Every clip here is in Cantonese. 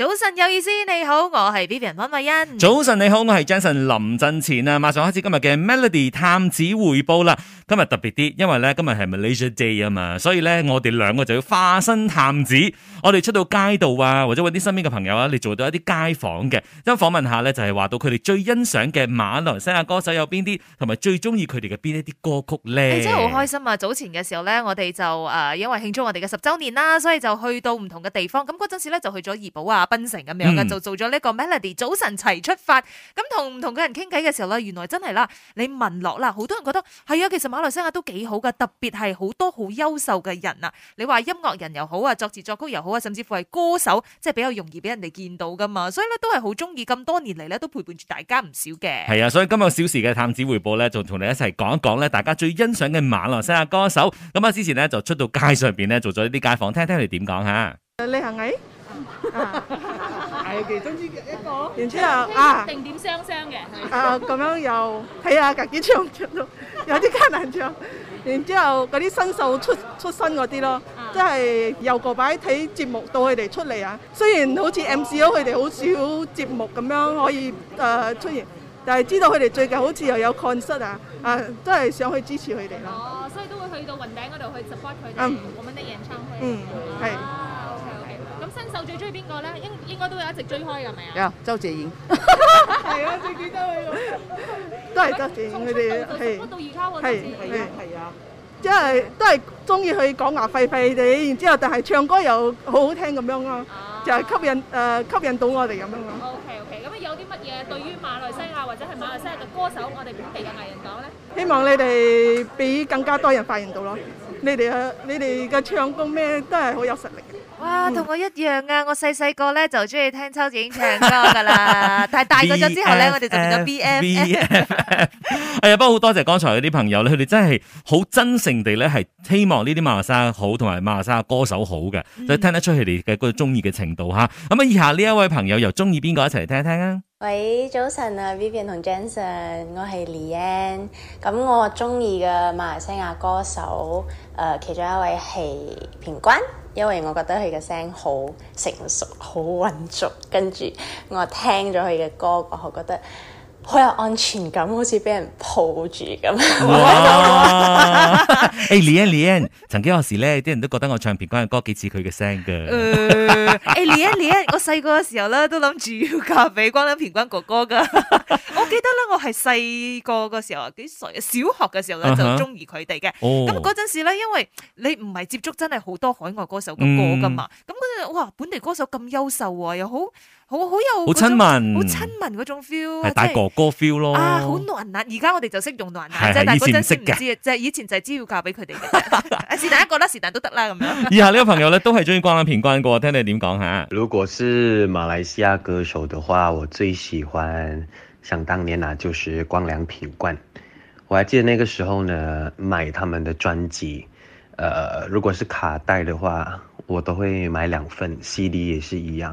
早晨有意思，你好，我係 Vivian 方慧欣。早晨你好，我係 Jason 林振前啊！馬上開始今日嘅 Melody 探子回報啦。今日特別啲，因為咧今日係咪 Malaysia Day 啊嘛，所以咧我哋兩個就要化身探子，我哋出到街道啊，或者搵啲身邊嘅朋友啊，你做到一啲街訪嘅，一訪問一下咧就係、是、話到佢哋最欣賞嘅馬來西亞歌手有邊啲，同埋最中意佢哋嘅邊一啲歌曲咧。真係好開心啊！早前嘅時候咧，我哋就誒、呃、因為慶祝我哋嘅十周年啦，所以就去到唔同嘅地方。咁嗰陣時咧就去咗怡保啊。變成咁樣嘅就做咗呢個 Melody 早晨齊出發，咁同唔同嘅人傾偈嘅時候咧，原來真係啦，你問落啦，好多人覺得係啊,其實馬來西亞都幾好噶，特別係好多好優秀嘅人啊，你話音樂人又好啊，作詞作曲又好啊，甚至乎係歌手，即係比較容易俾人哋見到噶嘛，所以咧都係好中意咁多年嚟，咧都陪伴住大家唔少嘅。係啊，所以今日小時嘅探子回報咧，就同你一齊講一講咧，大家最欣賞嘅馬來西亞歌手。咁啊，之前咧就出到街上邊咧，做咗啲街訪，聽聽你點講吓。你係咪？係其中之一個，然之後啊，定點雙雙嘅，啊咁樣又睇下，隔幾場出到有啲艱難唱，然之後嗰啲新秀出出身嗰啲咯，即係又個擺睇節目到佢哋出嚟啊。雖然好似 MC 佢哋好少節目咁樣可以誒出現，但係知道佢哋最近好似又有 concert 啊，啊都係想去支持佢哋咯。哦，所以都會去到雲頂嗰度去 support 佢哋，咁樣啲演唱會。嗯，係。歌手最中意邊個咧？應應該都係一直追開嘅，係咪啊？有周杰倫。係啊，最記得佢。都係周杰倫佢哋到而家係。係。係啊。即係都係中意佢講牙費費地，然之後但係唱歌又好好聽咁樣咯，就係吸引誒吸引到我哋咁樣咯。OK OK，咁啊有啲乜嘢對於馬來西亞或者係馬來西亞嘅歌手，我哋本地嘅藝人講咧？希望你哋俾更加多人發現到咯。你哋啊，你哋嘅唱功咩都係好有實力嘅。哇，同我一樣啊！我細細個咧就中意聽秋子英唱歌噶啦， 但係大個咗之後咧，我哋就變咗 B, B F。係啊，不過好多謝，謝剛才嗰啲朋友咧，佢哋真係好真誠地咧，係希望呢啲馬來西亞好，同埋馬來西亞歌手好嘅，就聽得出佢哋嘅個中意嘅程度嚇。咁、嗯、啊，嗯、以下呢一位朋友又中意邊個一齊嚟聽一聽啊？喂，早晨啊，Vivian 同 Johnson，我係 Liane，咁我中意嘅馬來西亞歌手誒、呃，其中一位係品冠，因為我覺得佢嘅聲好成熟，好穩重。跟住我聽咗佢嘅歌，我覺得好有安全感，好似俾人抱住咁。啊 誒，李安，李安，曾經有時咧，啲人都覺得我唱品冠嘅歌幾似佢嘅聲噶。誒，李安，李安，我細個嘅時候咧，都諗住要嫁俾光良品冠哥哥噶。 我記得咧，我係細個嘅時候幾歲？小學嘅時候咧就中意佢哋嘅。咁嗰陣時咧，因為你唔係接觸真係好多海外歌手嘅歌噶嘛，咁嗰陣哇本地歌手咁優秀啊，又好。好好有好親民，好親民嗰種 feel，係大哥哥 feel 咯。啊，好暖啊，而家我哋就識用暖男啫。大係真識唔知即係、就是、以前就係只要嫁俾佢哋。是但 一個啦，是但都得啦咁樣。以下呢個朋友咧 都係中意光良、品冠，聽你點講吓，如果是馬來西亞歌手嘅話，我最喜歡想當年啊，就是光良、品冠。我還記得那個時候呢，買他們的專輯，呃、如果是卡帶的話，我都會買兩份 CD，也是一樣。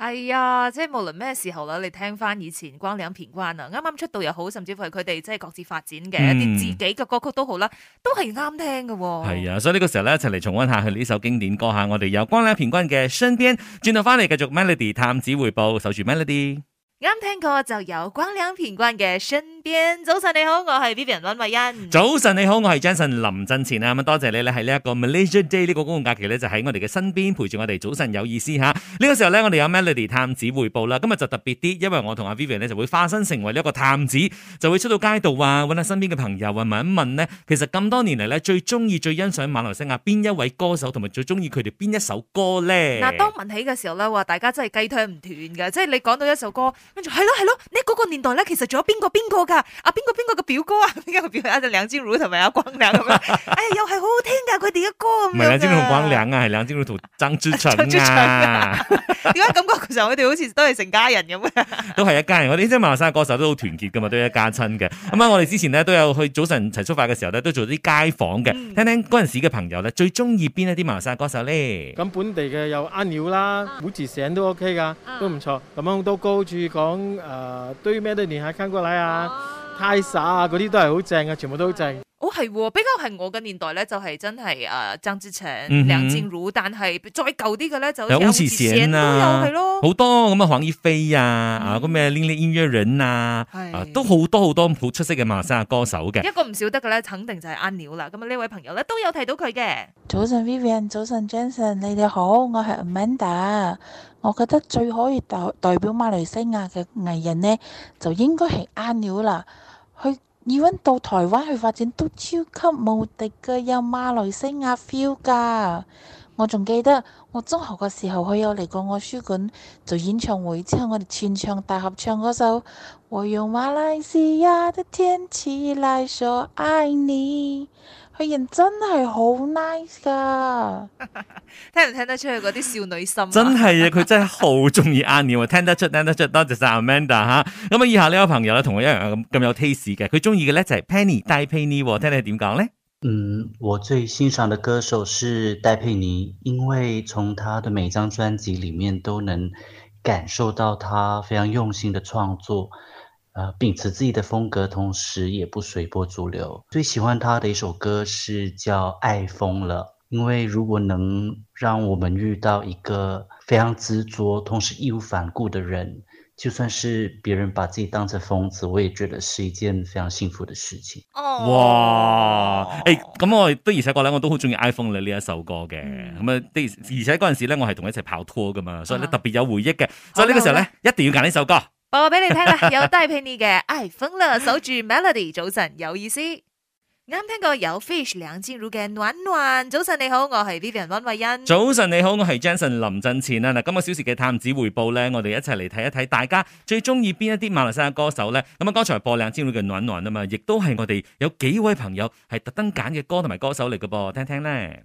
係啊、哎，即係無論咩時候啦，你聽翻以前光良品冠啊，啱啱出道又好，甚至乎係佢哋即係各自發展嘅一啲自己嘅歌曲都好啦，都係啱聽嘅。係啊、嗯，所以呢個時候咧一齊嚟重溫下佢呢首經典歌下，我哋由光良品冠嘅《的身邊》轉到翻嚟繼續《Melody 探子回報》守，守住《Melody》。啱聽過就有光亮片關嘅身邊。早晨你好，我係 Vivian 溫慧欣。早晨你好，我係 Jason 林振前啊。咁多謝你咧，喺呢一個 Malaysia Day 呢個公共假期咧，就喺我哋嘅身邊陪住我哋。早晨有意思吓，呢個時候咧，我哋有 Melody 探子回報啦。今日就特別啲，因為我同阿 Vivian 咧就會化身成為呢一個探子，就會出到街道啊，揾下身邊嘅朋友啊，問一問咧。其實咁多年嚟咧，最中意最欣賞馬來西亞邊一位歌手，同埋最中意佢哋邊一首歌咧？嗱，當問起嘅時候咧，話大家真係雞腿唔斷嘅，即係你講到一首歌。跟住係咯，係咯，你嗰、那個年代咧，其實仲有邊個邊個噶？啊，邊個邊個嘅表哥啊，邊個表啊，就梁靜茹同埋阿光良咁啊，哎又係好好聽噶，佢哋嘅歌。唔係梁靜茹同光良啊，係梁靜茹同張之晨啊。點解感覺嗰時候我哋 好似都係成家人咁啊？都係一家人，我哋即係馬來西亞歌手都好團結噶嘛，都係一家親嘅。咁啊，我哋之前咧都有去早晨齊出發嘅時候咧，都做啲街訪嘅，聽聽嗰陣時嘅朋友咧最中意邊一啲馬來西亞歌手咧？咁、嗯、本地嘅有阿牛啦，古詞、啊、醒都 OK 噶，都唔錯。咁樣都高歌注講、呃、對面的女孩看過來啊，啊泰莎啊，嗰啲都係好正啊，全部都好正。哦，係、哦、比較係我嘅年代咧，就係、是、真係啊，張智成、梁靜茹，但係再舊啲嘅咧，就有時時啊，都係咯，好多咁啊，黃義菲啊，啊個咩 Lily Young 啊，都好多好多好出色嘅馬來西亞歌手嘅、嗯。一個唔少得嘅咧，肯定就係阿牛啦。咁啊，呢位朋友咧都有提到佢嘅。早晨 Vivian，早晨 Jason，你哋好，我係 Amanda。我覺得最可以代代表馬來西亞嘅藝人咧，就應該係阿牛啦。去。李汶到台灣去發展都超級無敵嘅，有馬來西亞 feel 噶。我仲記得我中學嘅時候佢有嚟過我書館做演唱會，之後我哋全場大合唱嗰首《我用馬來西亞的天氣來說愛你》。佢人真係好 nice 啊！ 聽唔聽得出佢嗰啲少女心？真係啊，佢 真係好中意阿尼，我聽得出，聽得出，多謝晒 Amanda 吓。咁啊，以下呢位朋友咧，同我一樣咁咁有 taste 嘅，佢中意嘅咧就係 Penny 戴佩妮，聽你點講咧？嗯，我最欣賞嘅歌手是戴佩妮，因為從他嘅每張專輯裏面都能感受到他非常用心嘅創作。秉持自己的風格，同時也不隨波逐流。最喜歡他的一首歌是叫《愛瘋了》，因為如果能讓我們遇到一個非常執着，同時義無反顧的人，就算是別人把自己當成瘋子，我也覺得是一件非常幸福的事情。哦，哇，誒、欸，咁我都而且嗰陣我都好中意《愛瘋了》呢一首歌嘅，咁啊、嗯，的、嗯、而且嗰陣時咧，我係同佢一齊跑拖噶嘛，所以咧特別有回憶嘅，嗯、所以呢個時候咧、哦、一定要揀呢首歌。播俾你聽啦，有低配你嘅 iPhone 啦，守住 Melody 早晨有意思。啱聽過有 Fish 梁靜茹嘅暖暖。早晨你好，我係 Vivian 溫慧欣。早晨你好，我係 Jansen 林振前啊！嗱，今個小時嘅探子回報咧，我哋一齊嚟睇一睇大家最中意邊一啲馬來西亞歌手咧。咁啊，剛才播梁靜茹嘅暖暖啊嘛，亦都係我哋有幾位朋友係特登揀嘅歌同埋歌手嚟嘅噃，聽聽咧。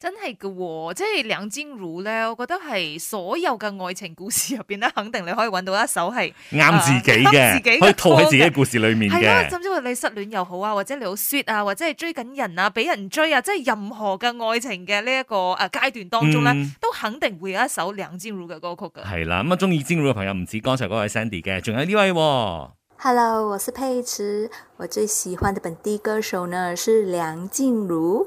真係嘅、哦，即、就、係、是、梁靜如咧。我覺得係所有嘅愛情故事入邊咧，肯定你可以揾到一首係啱自己嘅，啊、自己的的可以套喺自己嘅故事裏面的是啊，甚至話你失戀又好啊，或者你好 sweet 啊，或者係追緊人啊，俾人追是的的、這個、啊，即係任何嘅愛情嘅呢一個誒階段當中咧，嗯、都肯定會有一首梁靜茹嘅歌曲嘅。係啦，咁、嗯、啊，中意靜茹嘅朋友唔止剛才嗰位 Sandy、哦、嘅，仲有呢位。Hello，我是佩慈，我最喜歡嘅本地歌手呢，是梁靜茹。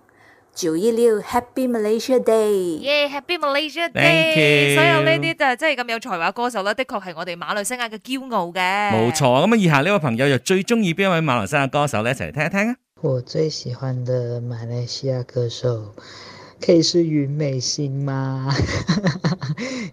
九一六 Happy Malaysia Day，Yeah Happy Malaysia Day，所有呢啲就真係咁有才華歌手啦，的確係我哋馬來西亞嘅驕傲嘅。冇錯，咁啊，以下呢位朋友又最中意邊一位馬來西亞歌手咧？一齊嚟聽一聽啊！我最喜歡嘅馬來西亞歌手可以是云美心嗎？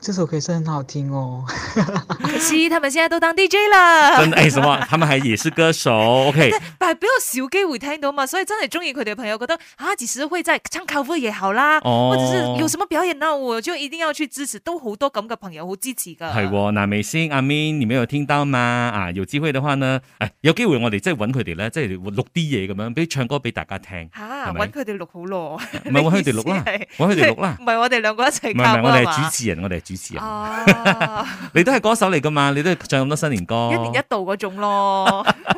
這首其實很好聽哦，其實他們現在都當 DJ 啦，真，誒，什麼，他們還也是歌手，OK，但係俾我少機會聽到嘛，所以真係中意佢哋嘅朋友覺得啊，即使會在唱 cover 也好啦，或者是有什麼表演呢，我就一定要去支持，都好多咁嘅朋友好支持噶，係嗱，咪先，阿 Min 你冇聽到嘛？啊，有機會嘅話呢，誒，有機會我哋即係搵佢哋咧，即係錄啲嘢咁樣，俾唱歌俾大家聽，吓，搵佢哋錄好咯，唔係搵佢哋錄啦，搵佢哋錄啦，唔係我哋兩個一齊，唔係，我哋係主持人，我哋。主持人，啊、 你都係歌手嚟噶嘛？你都係唱咁多新年歌，一年一度嗰種咯。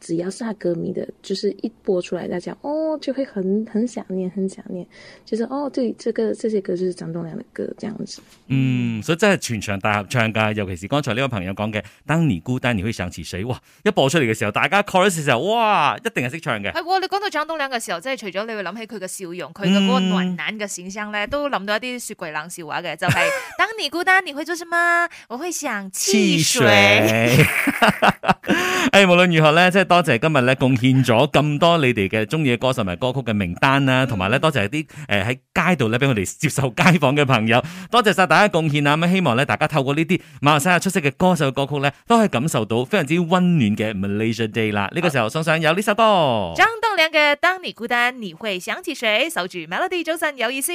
只要是他歌迷的，就是一播出來，大家哦就會很很想念，很想念，就是哦對，這個這些歌就是張棟梁的歌，這樣子。嗯，所以真係全場大合唱噶，尤其是剛才呢位朋友講嘅《當你孤單你會想起誰》，哇，一播出嚟嘅時候，大家 chorus 嘅時候，哇，一定係識唱嘅。係喎、哎，你講到張棟梁嘅時候，即係除咗你會諗起佢嘅笑容，佢嘅嗰個暖男嘅形象咧，都諗到一啲雪櫃冷笑話嘅，就係《 當你孤單你會做什麼》，我會想汽水。哎，無論如何咧，即係。多謝今日咧貢獻咗咁多你哋嘅中意嘅歌手同埋歌曲嘅名單啦，啊，同埋咧多謝啲誒喺街度咧俾我哋接受街訪嘅朋友，多謝晒大家貢獻啊！咁希望咧大家透過呢啲馬來西亞出色嘅歌手嘅歌曲咧，都可以感受到非常之溫暖嘅 Malaysia Day 啦！呢，這個時候送上有呢首歌，張棟、啊、梁嘅《當你孤單你會想起誰》，守住 Melody，早晨有意思。